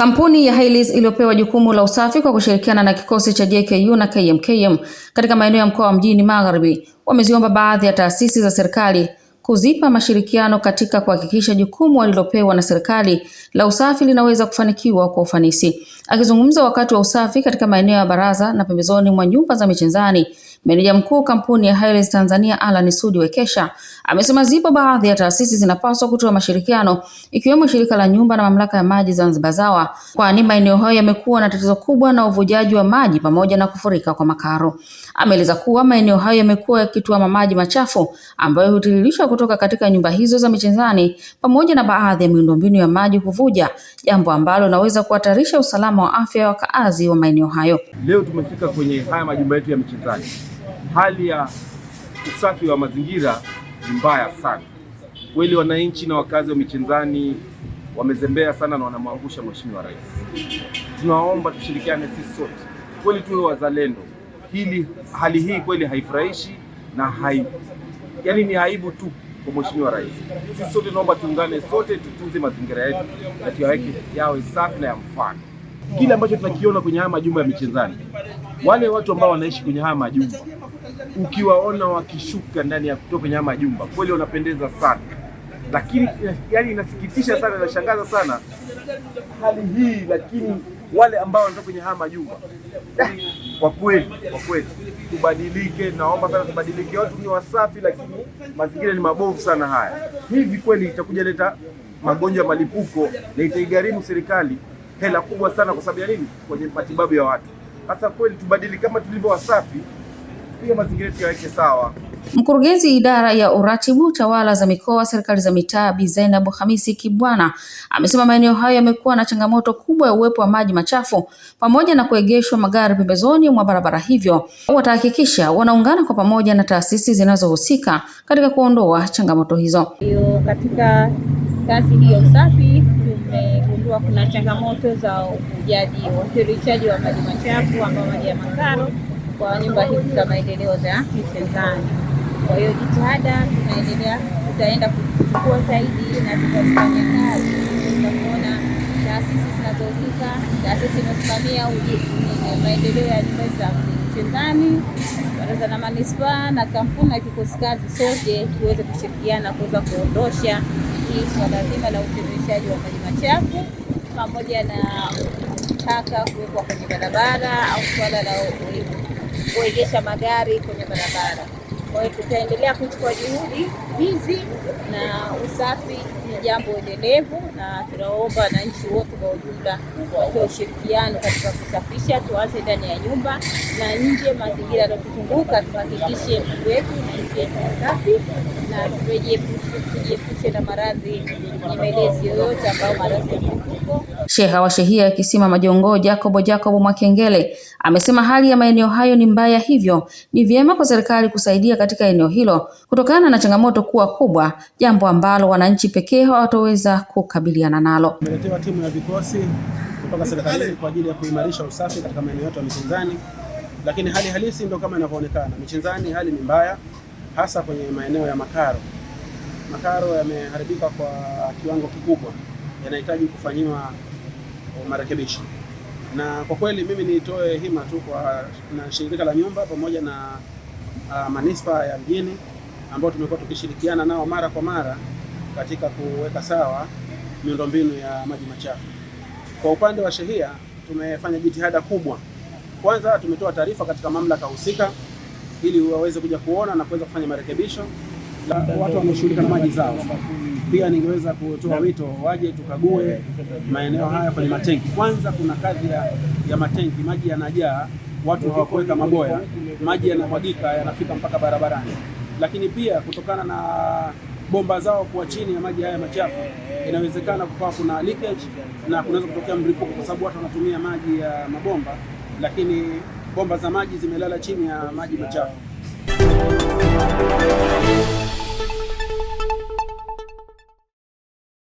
Kampuni ya Highleys iliyopewa jukumu la usafi kwa kushirikiana na kikosi cha JKU na KMKM katika maeneo ya mkoa wa Mjini Magharibi wameziomba baadhi ya taasisi za serikali kuzipa mashirikiano katika kuhakikisha jukumu walilopewa na serikali la usafi linaweza kufanikiwa kwa ufanisi. Akizungumza wakati wa usafi katika maeneo ya Baraza na pembezoni mwa nyumba za Michenzani, Meneja mkuu kampuni ya Highlands Tanzania Alan Sudi Wekesha amesema zipo baadhi ya taasisi zinapaswa kutoa mashirikiano ikiwemo shirika la nyumba na mamlaka ya maji Zanzibar ZAWA, kwani maeneo hayo yamekuwa na tatizo kubwa na uvujaji wa maji pamoja na kufurika kwa makaro. Ameeleza kuwa maeneo hayo yamekuwa yakituama maji machafu ambayo hutiririshwa kutoka katika nyumba hizo za michezani pamoja na baadhi ya miundombinu ya maji kuvuja, jambo ambalo linaweza kuhatarisha usalama wa afya ya wakaazi wa maeneo hayo. Leo tumefika kwenye haya majumba yetu ya michezani hali ya usafi wa mazingira ni mbaya sana kweli. Wananchi na wakazi wa Michenzani wamezembea sana na wanamwangusha mheshimiwa rais. Tunaomba tushirikiane sisi sote kweli, tuwe wazalendo. Hili hali hii kweli haifurahishi na hai, yaani ni aibu tu kwa mheshimiwa rais. Sisi sote tunaomba tuungane sote, tutunze mazingira yetu na tuyaweke yawe safi na ya mfano. Kile ambacho tunakiona kwenye haya majumba ya Michenzani, wale watu ambao wanaishi kwenye haya majumba ukiwaona wakishuka ndani ya kutoka kwenye majumba kweli wanapendeza sana, lakini eh, yani inasikitisha sana, inashangaza sana hali hii, lakini wale ambao wanatoka kwenye haya majumba eh, kwa kweli, kwa kweli tubadilike. Naomba sana tubadilike. Watu ni wasafi, lakini mazingira ni mabovu sana. Haya hivi kweli itakuja leta magonjwa ya malipuko na itaigharimu serikali hela kubwa sana. Kwa sababu ya nini? Kwenye matibabu ya watu. Sasa kweli tubadilike, kama tulivyo wasafi pia mazingira tuyaweke sawa. Mkurugenzi idara ya uratibu tawala za mikoa serikali za mitaa Bi Zainabu Hamisi Kibwana amesema maeneo hayo yamekuwa na changamoto kubwa ya uwepo wa maji machafu pamoja na kuegeshwa magari pembezoni mwa barabara, hivyo watahakikisha wanaungana kwa pamoja na taasisi zinazohusika katika kuondoa changamoto hizo. Yo, katika kazi hiyo usafi tumegundua kuna changamoto za uvujaji wa wa maji machafu ambao maji ya makaro kwa nyumba hizi za maendeleo za Michezani. Kwa hiyo jitihada tunaendelea, tutaenda kuchukua zaidi na tutafanya kazi tutakuona taasisi zinazohusika, taasisi inasimamia maendeleo ya nyumba za Michezani, baraza la manispaa na kampuni na kikosi kazi, sote tuweze kushirikiana kuweza kuondosha hii swala zima la utiririshaji wa maji machafu pamoja na taka kuwekwa kwenye barabara au swala la kuegesha magari kwenye barabara. Kwa hiyo tutaendelea kuchukua juhudi hizi, na usafi ni jambo endelevu, na tunaomba wananchi wote kwa ujumla wakiwa ushirikiano katika kusafisha, tuanze ndani ya nyumba na nje, mazingira yanayotuzunguka tuhakikishe wetu maji safi na tujiepushe na maradhi nyemelezi yoyote ambayo maradhi Sheha wa shehia ya Kisima Majongoo Jacobo Jacobo Mwakengele amesema hali ya maeneo hayo ni mbaya, hivyo ni vyema kwa serikali kusaidia katika eneo hilo kutokana na changamoto kuwa kubwa, jambo ambalo wananchi pekee hawatoweza kukabiliana nalo. Tumeletewa timu ya vikosi kutoka serikalini kwa ajili ya kuimarisha usafi katika maeneo yote ya michezani, lakini hali halisi ndio kama inavyoonekana. Michezani hali ni mbaya hasa kwenye maeneo ya makaro. Makaro yameharibika kwa kiwango kikubwa, yanahitaji kufanyiwa marekebisho, na kwa kweli mimi nitoe hima tu kwa na shirika la nyumba pamoja na uh, manispaa ya mjini ambao tumekuwa tukishirikiana nao mara kwa mara katika kuweka sawa miundombinu ya maji machafu. Kwa upande wa shehia tumefanya jitihada kubwa. Kwanza tumetoa taarifa katika mamlaka husika ili waweze kuja kuona na kuweza kufanya marekebisho. Watu wanaoshughulika na maji zao pia ningeweza kutoa wito waje tukague maeneo haya kwenye matenki. Kwanza kuna kadhi ya, ya matenki, maji yanajaa, watu hawakuweka maboya, maji yanamwagika yanafika mpaka barabarani. Lakini pia kutokana na bomba zao kuwa chini ya maji haya machafu, inawezekana kukawa kuna leakage na kunaweza kutokea mlipuko, kwa sababu watu wanatumia maji ya mabomba lakini bomba za maji zimelala chini ya maji machafu.